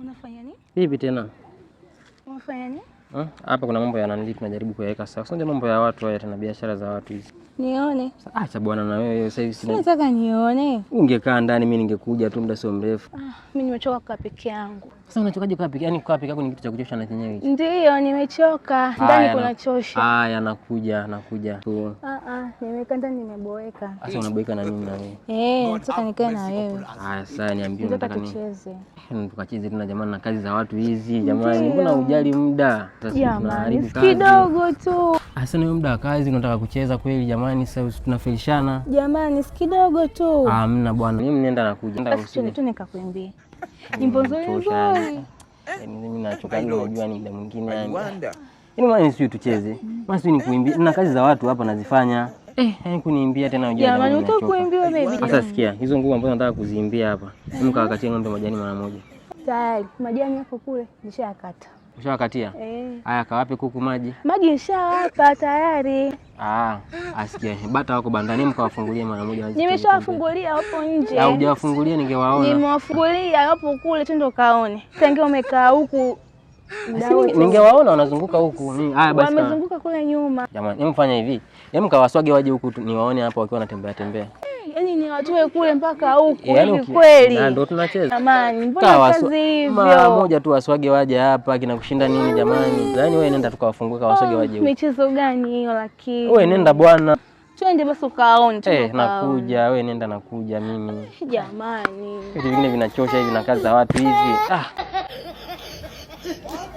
Unafanya nini? Vipi tena? Unafanya nini? Hapa kuna mambo ya nanili tunajaribu kuyaweka sawa. Sio mambo ya watu haya tena biashara za watu hizi. Nione. Acha bwana na wewe sasa hivi sina. Nataka nione. Ungekaa ndani mimi ningekuja tu muda sio mrefu. Ah, mimi nimechoka kwa peke yangu. Sasa unachokaje kwa peke? Yaani kwa peke yako ni kitu cha kuchosha na chenyewe hicho. Ndio, nimechoka. Ndani kuna chosha. Ah, yanakuja, nakuja. Ah ah, nimekaa ndani nimeboeka. Sasa unaboeka na mimi na wewe. Eh, nataka nikae na wewe. Ah, sasa niambie unataka Tucheze. Tukacheze tena jamani na kazi za watu hizi, jamani. Mbona hujali muda? jamani, kidogo tu. asana ni muda wa kazi, nataka kucheza kweli jamani, sasa tunafelishana jamani, si kidogo tu. Hamna bwana, mimi nenda na kuja tu nikakwambia nyimbo nzuri nzuri. Eh, mimi nachoka ile, unajua ni muda mwingine yani, mani sio tucheze, maana sio ni kuimbia na kazi za watu hapa nazifanya Eh, yani kuniimbia tena unajua. Jamani utakuimbia baby. Sasa sikia, hizo nguo ambazo nataka kuziimbia hapa. Mimi kawakatia ng'ombe majani mara moja. Tayari, majani yako kule nishayakata. Ushawakatia? Eh. Aya, kawape kuku maji. Maji nishawapa tayari. Ah, asikia. Bata wako bandani mkawafungulie mara moja. Nimeshawafungulia hapo nje. Au hujawafungulia ningewaona. Nimewafungulia hapo kule tu ndo kaone. Tangia umekaa huku ningewaona wanazunguka huku. Haya basi. Wamezunguka kule nyuma. Jamani, hebu fanya hivi. Hebu kawaswage waje huku niwaone hapo wakiwa wanatembea tembea watoe kule mpaka yaani huku hivi kweli? Na ndio tunacheza jamani, mbona kazi hivyo? Mara moja tu waswage waje hapa, kinakushinda nini jamani? Yaani wewe nenda tukawafungue waswage oh, waje. Michezo gani hiyo lakini? Wewe nenda bwana. Twende basi ukaone. tu. Eh, nakuja wewe nenda, nakuja mimi. Jamani. Vitu vingine vinachosha hivi na kazi za watu hivi. Ah.